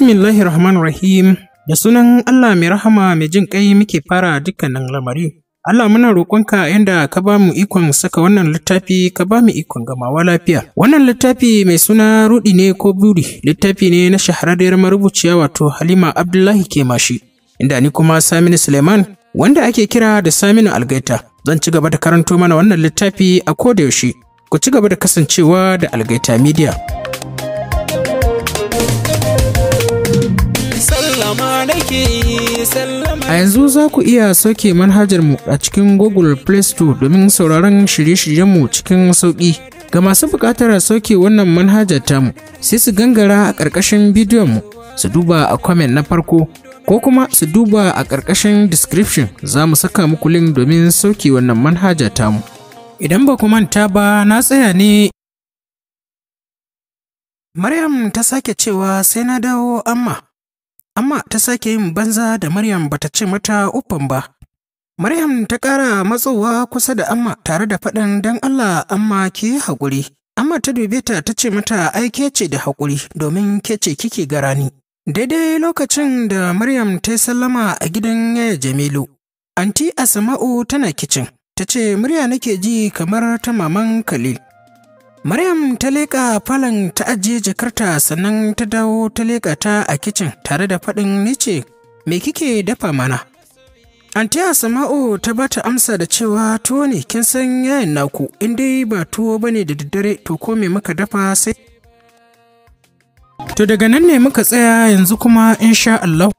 Bismillahir Rahim da sunan Allah mai rahama mai jin ƙai muke fara dukkanin lamari. Allah muna roƙonka yadda ka ba mu ikon saka wannan littafi ka ba mu ikon gamawa lafiya. Wannan littafi mai suna rudi ne ko buri littafi ne na shahararriyar marubuciya wato Halima Abdullahi ke mashi inda ni kuma Saminu Suleiman wanda ake kira da Saminu Algaita. Zan ci gaba da karanto mana wannan littafi a ko da yaushe. Ku ci gaba da kasancewa da Algaita Media. A yanzu za ku iya sauke manhajarmu a cikin Google Play Store domin sauraron shirye-shiryenmu cikin sauƙi. Ga masu buƙatar soke wannan manhajar tamu, sai su gangara a ƙarƙashin bidiyonmu, su duba a comment na farko, ko kuma su duba a ƙarƙashin description za mu saka muku link domin soke wannan manhajar tamu. Idan ba ku manta ba na tsaya ne Maryam ta sake cewa sai na dawo amma amma ta sake yin banza da Maryam bata ce mata uffan ba. Maryam ta ƙara matsowa kusa da amma tare da faɗin don Allah amma ki haƙuri. Amma ta dube ta ta ce mata ai kece da haƙuri domin kece ce kike garani. Daidai lokacin da Maryam ta sallama a gidan yaya Jamilu, Anti Asma'u tana kicin, ta ce murya nake ji kamar ta maman Khalil. Maryam ta leƙa falon ta ajiye jakarta sannan ta dawo ta leƙa ta a kicin tare da faɗin nice me kike dafa mana. Anti Asma'u ta ba ta amsa da cewa tuwo ne kin san yayin naku in dai ba tuwo ba ne da daddare to ko me muka dafa sai To daga nan ne muka tsaya yanzu kuma in sha Allah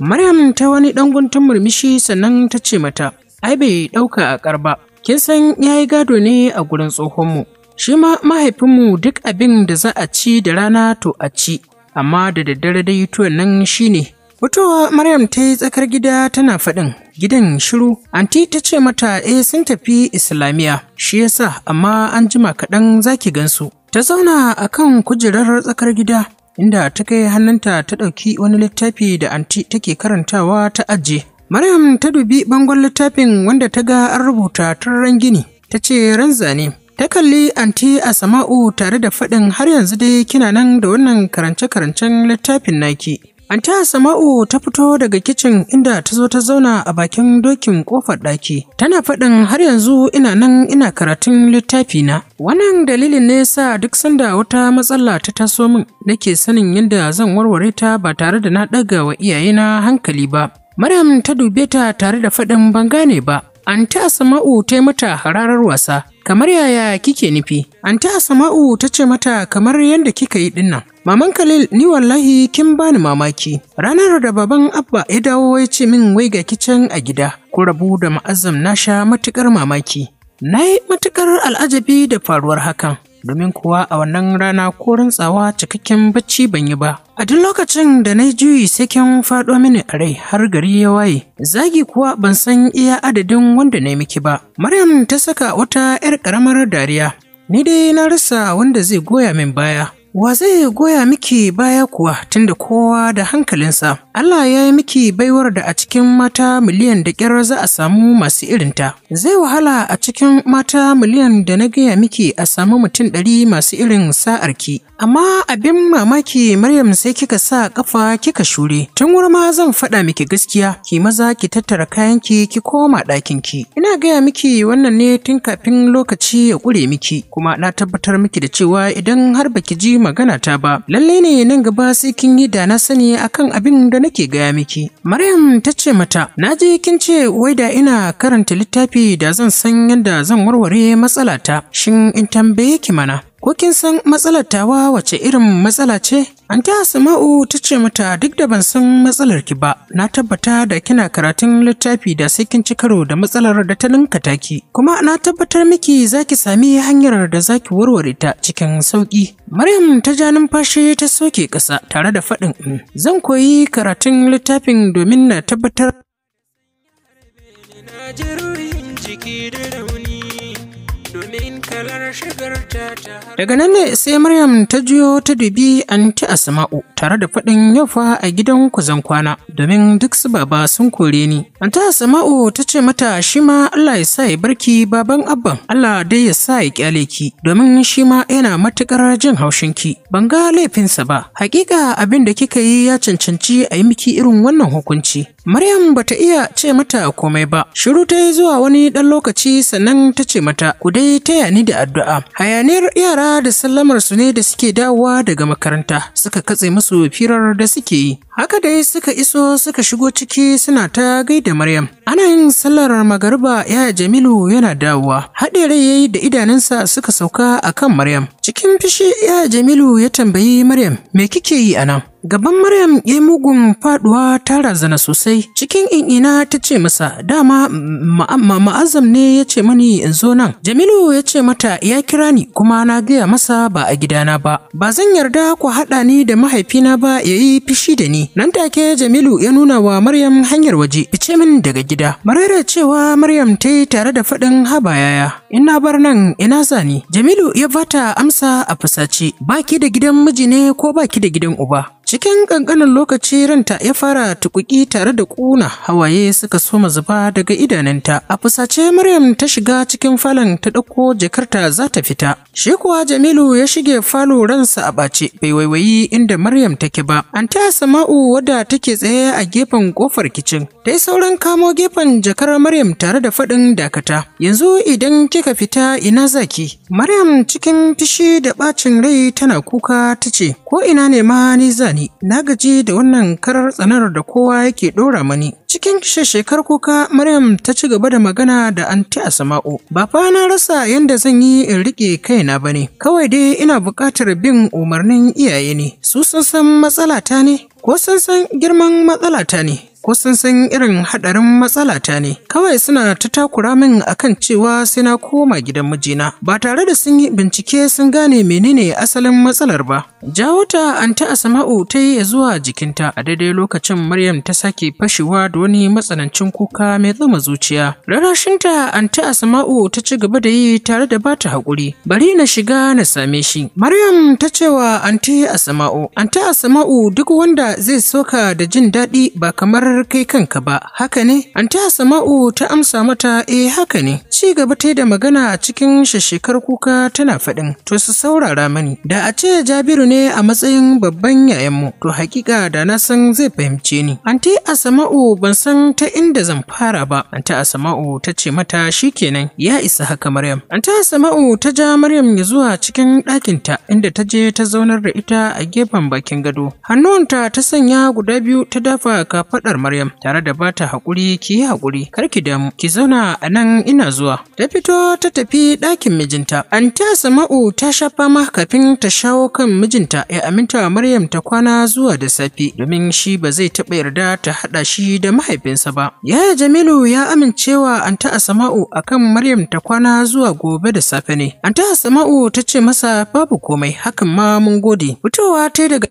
Maryam ta wani ɗan guntun murmushi sannan ta ce mata, ai bai ɗauka a ƙarba, kin san ya yi gado ne a gurin tsohonmu. Shi ma mahaifinmu duk abin da za a ci da rana to a ci, amma da daddare dai tuwon nan shi ne. Fitowa Maryam ta yi tsakar gida tana faɗin gidan shiru, anti ta ce mata eh sun tafi Islamiyya, shi yasa amma an jima kaɗan zaki gansu. Ta zauna a kan kujerar tsakar gida inda ta kai hannunta ta ɗauki wani littafi da anti take karantawa ta ajiye. Maryam ta dubi bangon littafin wanda ta ga an rubuta turaren gini, ta ce ran zane. Ta kalli anti a sama'u tare da faɗin har yanzu dai kina nan da wannan karance-karancen littafin naki. Anta Sama'u ta fito daga kicin inda ta zo ta zauna a bakin dokin kofar ɗaki. Tana faɗin har yanzu ina nan ina karatun littafi na. Wannan dalilin ne sa duk sanda wata matsala ta taso min nake sanin yadda zan warware ta ba tare da na ɗaga wa iyayena hankali ba. Maryam ta dube ta tare da faɗin ban gane ba. Anta Sama'u ta yi mata hararar wasa. Kamar yaya kike nufi? Anta Sama'u ta ce mata kamar yadda kika yi dinnan. Maman Khalil ni wallahi kin bani mamaki. Ranar da baban Abba ya dawo ya ce min wai ga kicin a gida, ku rabu da ma'azam na sha matuƙar mamaki. Na yi matuƙar al'ajabi da faruwar hakan. domin kuwa a wannan rana ko rantsawa cikakken bacci ban yi ba. A duk lokacin da na juyi sakin faɗo mini a rai har gari ya waye, zagi kuwa ban san iya adadin wanda na miki ba. Maryam ta saka wata ‘yar ƙaramar dariya, ni dai na rasa wanda zai goya min baya. Wa zai goya miki baya kuwa tunda kowa da hankalinsa. Allah ya yi miki baiwar da a cikin mata miliyan da ƙyar za a samu masu irinta. Zai wahala a cikin mata miliyan da na gaya miki a samu mutum ɗari masu irin sa'arki. Amma abin mamaki Maryam sai kika sa ƙafa kika shure. Tun wuri ma zan faɗa miki gaskiya, ki maza ki tattara kayanki ki koma ɗakinki. Ina gaya miki wannan ne tun kafin lokaci ya ƙure miki, kuma na tabbatar miki da cewa idan har baki ji magana ta ba lalle ne nan gaba sai kin yi da na sani akan abin da nake gaya miki maryam ta ce mata na je kin ce wai da ina karanta littafi da zan san yadda zan warware matsalata shin in tambaye ki mana ko kin san matsalar tawa wace irin matsala ce? An ta Asma'u ta ce mata duk da ban san matsalar ki ba, na tabbata da kina karatun littafi da sai kin ci karo da matsalar da ta ninka taki. Kuma na tabbatar miki za ki sami hanyar da za ki warware ta cikin sauƙi. Maryam ta ja numfashi ta soke ƙasa tare da faɗin zan koyi karatun littafin domin na tabbatar. jiki da rauni domin Daga nan ne sai Maryam ta juyo ta dubi anti Asma'u tare da faɗin yafa a gidan kuzan kwana domin duk su baba sun kore ni. Anti Asma'u ta ce mata shi ma Allah ya sa ya barki baban abban Allah dai ya sa ya kyale ki domin shi ma yana matukar jin haushin ki. Ban ga laifinsa ba. Hakika abin da kika yi ya cancanci a yi miki irin wannan hukunci. Maryam bata iya ce mata komai ba. Shiru ta yi zuwa wani ɗan lokaci sannan ta ce mata ku dai taya ni da addu'a. Hayaniyar yara da sallamar su ne da suke dawowa daga makaranta suka katse musu firar da suke yi. Haka dai suka iso suka shigo ciki suna ta gaida Maryam. Ana yin sallar magariba ya Jamilu yana dawowa. Haɗe rai yayi da idanunsa suka sauka a kan Maryam. Cikin fishi ya Jamilu ya tambayi Maryam, "Me kike yi anan?" Gaban Maryam ya mugun faduwa ta razana sosai. Cikin in'ina ta ce masa, "Dama ma'azam ne ya ce mani in zo nan." Jamilu ya ce mata, "Ya kira ni kuma na gaya masa ba a gidana ba. Ba zan yarda ku haɗa ni da mahaifina ba yayi yi fishi da ni." Nan take Jamilu ya nuna wa Maryam hanyar waje, ice min daga gida. Marera cewa Maryam ta yi tare da faɗin haba yaya, ina bar nan ina zani. Jamilu ya bata amsa a fusace, baki da gidan miji ne ko baki da gidan uba. Cikin ƙanƙanin lokaci ranta ya fara tukuki tare da ƙuna hawaye suka soma zuba daga idanunta. A fusace Maryam ta shiga cikin falon ta ɗauko jakarta za ta fita. Shi kuwa Jamilu ya shige falo ransa a ɓace bai waiwayi inda Maryam take ba. Anta Sama'u wadda take tsaye a gefen ƙofar kicin. Ta sauran kamo gefen jakar Maryam tare da faɗin dakata. Yanzu idan kika fita ina zaki. Maryam cikin fishi da ɓacin rai tana kuka ta ce ko ina ne ma ni zani. mani, na gaji da wannan karar tsanar da kowa yake ɗora mani. Cikin shekar kuka Maryam ta ci gaba da magana da anti Asma'u. Ba fa na rasa yanda zan yi in riƙe kaina ba ne, kawai dai ina buƙatar bin umarnin iyaye ne, su sun san matsalata ne, ko sun san girman matsalata ne, ko sun san irin haɗarin matsalata ne kawai suna ta takura min akan cewa sai na koma gidan mijina ba tare da sun yi bincike sun gane menene asalin matsalar ba Jawo ta an ta Asma'u ta yi zuwa jikinta a daidai lokacin Maryam ta sake fashewa da wani matsanancin kuka mai zama zuciya. Rarashinta an ta Asma'u ta ci gaba da yi tare da bata haƙuri. Bari na shiga na same shi. Maryam ta cewa an ta Asma'u, an ta Asma'u duk wanda zai soka da jin daɗi ba kamar kai kanka ba, haka ne? An ta Asma'u ta amsa mata eh haka ne. Ci gaba ta da magana a cikin shashekar kuka tana faɗin. To su saurara mani. Da a ce Jabiru ne ne a matsayin babban yayanmu, to hakika da na san zai fahimce ni. Anti Asama'u ban san ta inda zan fara ba. Anti Asama'u ta ce mata shikenan ya isa haka Maryam. Anti Asama'u ta ja Maryam ya zuwa cikin ɗakinta inda ta je ta zaunar da ita a gefen bakin gado. Hannuwanta ta sanya guda biyu ta dafa kafaɗar Maryam tare da bata haƙuri ki yi haƙuri kar ki damu ki zauna a nan ina zuwa. Ta fito ta tafi ɗakin mijinta. Anti Asama'u ta sha fama kafin ta shawo kan mijinta mijinta ya aminta Maryam ta kwana zuwa da safe domin shi ba zai taɓa yarda ta haɗa shi da mahaifinsa ba. Yaya Jamilu ya amincewa Anta Asama'u akan Maryam ta kwana zuwa gobe da safe ne. Anta Asama'u ta ce masa babu komai hakan ma mun gode. Fitowa ta daga.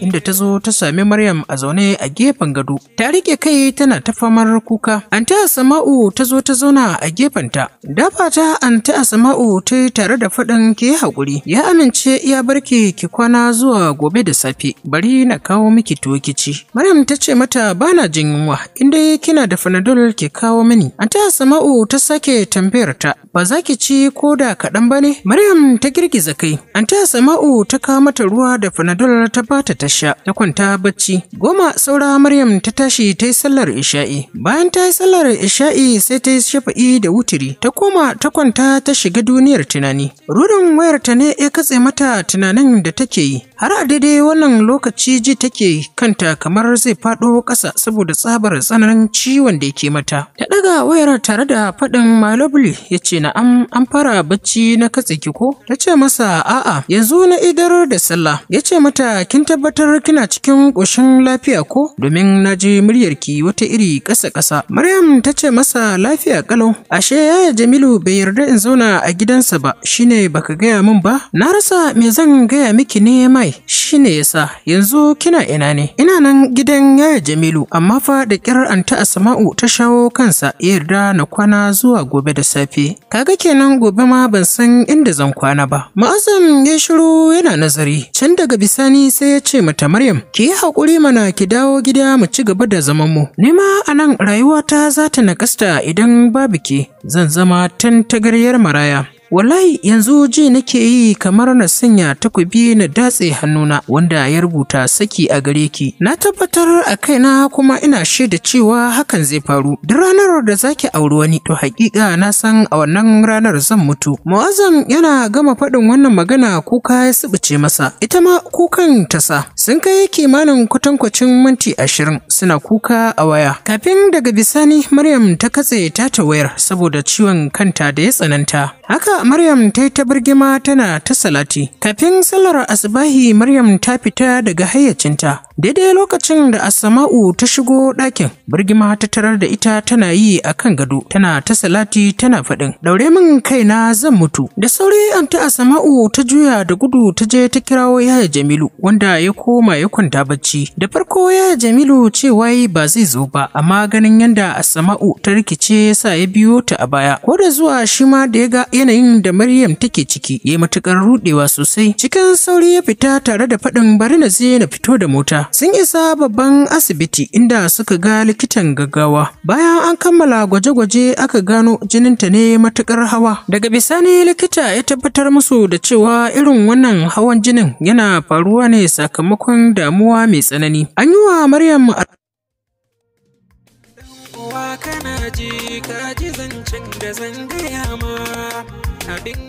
inda ta zo ta sami Maryam a zaune a gefen gado ta riƙe kai tana ta famar kuka anta Asma'u ta zo ta zauna a gefenta dafa ta anta Asma'u ta yi tare da faɗin ki haƙuri ya amince ya barki ki kwana zuwa gobe da safe bari na kawo miki tuwo Maryam ta ce mata bana jin yunwa inda kina da fanadol ki kawo mini anta Asma'u ta sake tambayar ta ba za ki ci ko da kaɗan ba ne Maryam ta girgiza kai ta Nan Sama'u ta kawo mata ruwa da fanadol ta bata ta sha, ta kwanta bacci. Goma saura Maryam ta tashi ta yi sallar isha'i. Bayan ta yi sallar isha'i sai ta yi shafa'i da wutiri. Ta koma ta kwanta ta shiga duniyar tunani. Rurin wayarta ne ya katse mata tunanin da take yi. har a daidai wannan lokaci ji take kanta kamar zai faɗo ƙasa saboda tsabar tsananin ciwon da yake mata ta ɗaga wayar tare da faɗin my yace ya ce na'am an fara bacci na katse ki ko ta ce masa a'a yanzu na idar da sallah ya ce mata kin tabbatar kina cikin ƙoshin lafiya ko domin na ji muryarki wata iri ƙasa ƙasa maryam ta ce masa lafiya ƙalau ashe yaya jamilu bai yarda in zauna a gidansa ba shine baka gaya min ba na rasa me zan gaya miki ne mai shi ne yasa yanzu kina ina ne ina nan gidan yaya Jamilu amma fa da kirar anta Asma'u ta shawo kansa yarda na kwana zuwa gobe da safe kaga kenan gobe ma ban san inda zan kwana ba Ma'azam ya shiru yana nazari can daga bisani sai ya ce mata Maryam ki yi haƙuri mana ki dawo gida mu ci gaba da zaman mu ni ma anan rayuwata za ta nakasta idan babu ki zan zama tantagaryar maraya Wallahi yanzu ji nake yi kamar na sanya takobi na datse hannuna wanda ya rubuta saki a gare ki. Na tabbatar a kaina kuma ina shaida cewa hakan zai faru. Da ranar da zaki auri wani to hakika na san a wannan ranar zan mutu. Mu'azzam yana gama faɗin wannan magana kuka ya subuce masa. Ita ma kukan ta sa. Sun kai kimanin kwatankwacin minti ashirin suna kuka a waya. Kafin daga bisani Maryam ta katse ta ta wayar saboda ciwon kanta da ya tsananta. Haka Maryam ta yi ta birgima tana ta salati. Kafin sallar asibahi Maryam ta fita daga hayyacinta. Daidai lokacin da Asama'u ta shigo ɗakin, birgima ta tarar da ita tana yi a kan gado, tana ta salati tana faɗin. Daure min kaina zan mutu. Da sauri ta Asama'u ta juya da gudu ta je ta kirawo yaya Jamilu, wanda ya koma ya kwanta bacci. Da farko yaya Jamilu cewa ba zai zo ba, amma ganin yanda Asama'u ta rikice ya sa ya biyo ta a baya. Ko da zuwa shi ma da ya ga yanayin da Maryam take ciki ya matukar matuƙar ruɗewa sosai. Cikin sauri ya fita tare da faɗin bari na je na fito da mota. Sun isa babban asibiti inda suka ga likitan gaggawa. Bayan an kammala gwaje-gwaje aka gano jinin ta ne matukar hawa. Daga bisani likita ya tabbatar musu da cewa irin wannan hawan jinin yana faruwa ne sakamakon damuwa mai tsanani. An yi wa Maryam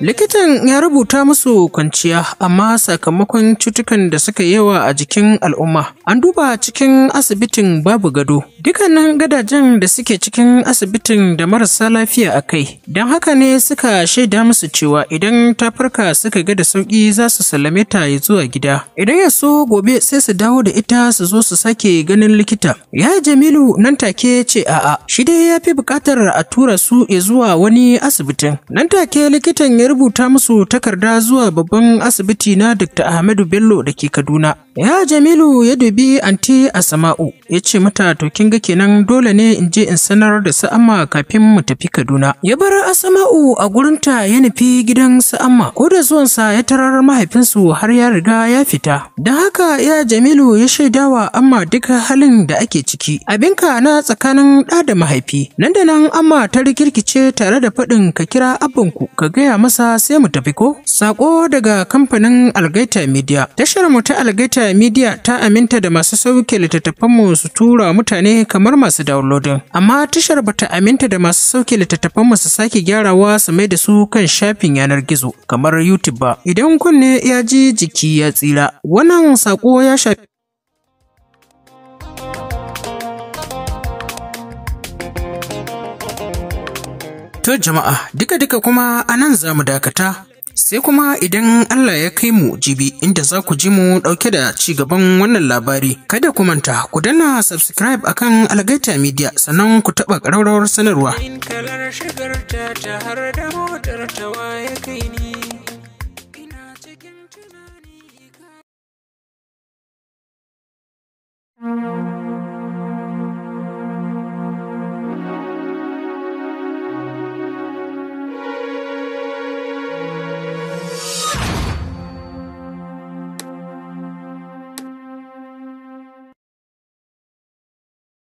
Likitan ya rubuta musu kwanciya amma sakamakon cutukan da suka yawa a jikin al'umma An duba cikin asibitin babu gado, dukkanin gadajen da suke cikin asibitin da marasa lafiya a kai, don haka ne suka shaida musu cewa idan ta farka suka ga da sauƙi za su sallame ta ya zuwa gida. Idan ya so gobe sai su dawo da ita su zo su sake ganin likita. Ya Jamilu nan take ce a'a, shi dai ya fi buƙatar a tura su ya zuwa wani asibitin. Nan take likitan ya rubuta musu takarda zuwa babban asibiti na Dr. Ahmadu Bello da ke Kaduna. Ya Jamilu ya Bi anti Asama'u ya ce mata to kin ga kenan dole ne in je in sanar da Sa'amma kafin mu tafi Kaduna. Ya bar Asama'u a gurinta ya nufi gidan Sa'amma ko da sa ya tarar mahaifinsu har ya riga ya fita. Da haka ya Jamilu ya shaidawa Amma duk halin da ake ciki. Abinka na tsakanin ɗa da mahaifi. Nan da nan Amma ta rikirkice tare da faɗin ka kira abinku ka gaya masa sai mu tafi ko? Sako daga kamfanin Algaita Media. Tashar mu ta Algaita Media ta aminta da masu sauke littattafanmu su tura mutane kamar masu downloading. Amma tashar bata aminta da masu sauke littattafan littattafanmu su sake gyarawa su mai da su kan shafin yanar gizo kamar YouTube ba. Idan kunne ya ji jiki ya tsira, wannan sako ya shafi To jama'a, duka-duka kuma a nan za mu dakata Sai kuma idan Allah ya kai mu jibi inda za ku ji mu ɗauke da ci gaban wannan labari. Kada ku manta ku danna subscribe akan Algaita Media sannan ku taɓa ƙararrawar sanarwa. Kalar shigar ta har da motar ta kai ni.